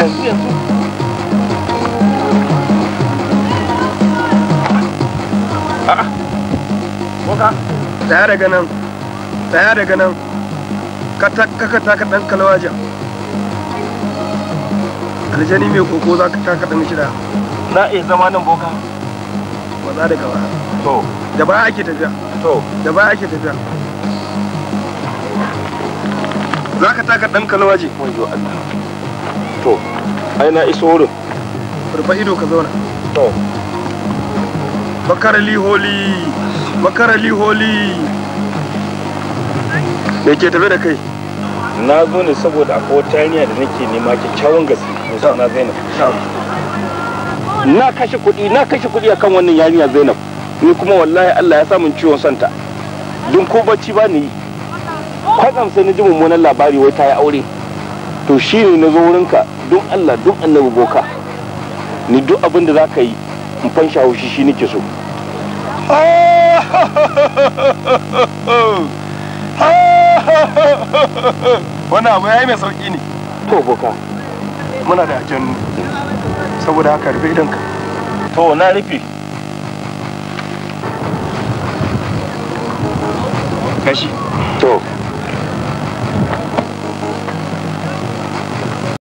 yanzu yanzu a'a boka tsaya daga nan tsaya daga nan ka taka ɗan dan kalwaja aljani mai koko za ka taka dan shida na iya zama nan boka maza da gaba to da baya ake tafiya to da baya ake tafiya za ka taka ɗan kalwaje wayo Allah to ai na iso wurin rufa ido ka zauna to bakar liholi bakar liholi me ke tafe da kai na zo ne saboda akwai wata hanya da nake nema kyakkyawan gaske mai na zainab na kashe kuɗi na kashe kuɗi akan wannan yarinya zainab ni kuma wallahi allah ya samun ciwon santa don ko bacci ba ni kwatsam sai ni ji mummunan labari wai ta yi aure to shi ne na zo wurinka don Allah don annabi boka ni duk abin da za ka yi in fansha haushi shi nake so wani abu ya yi mai sauki ne to boka muna da ajiyar saboda haka rufe idanka to na rufe kashi to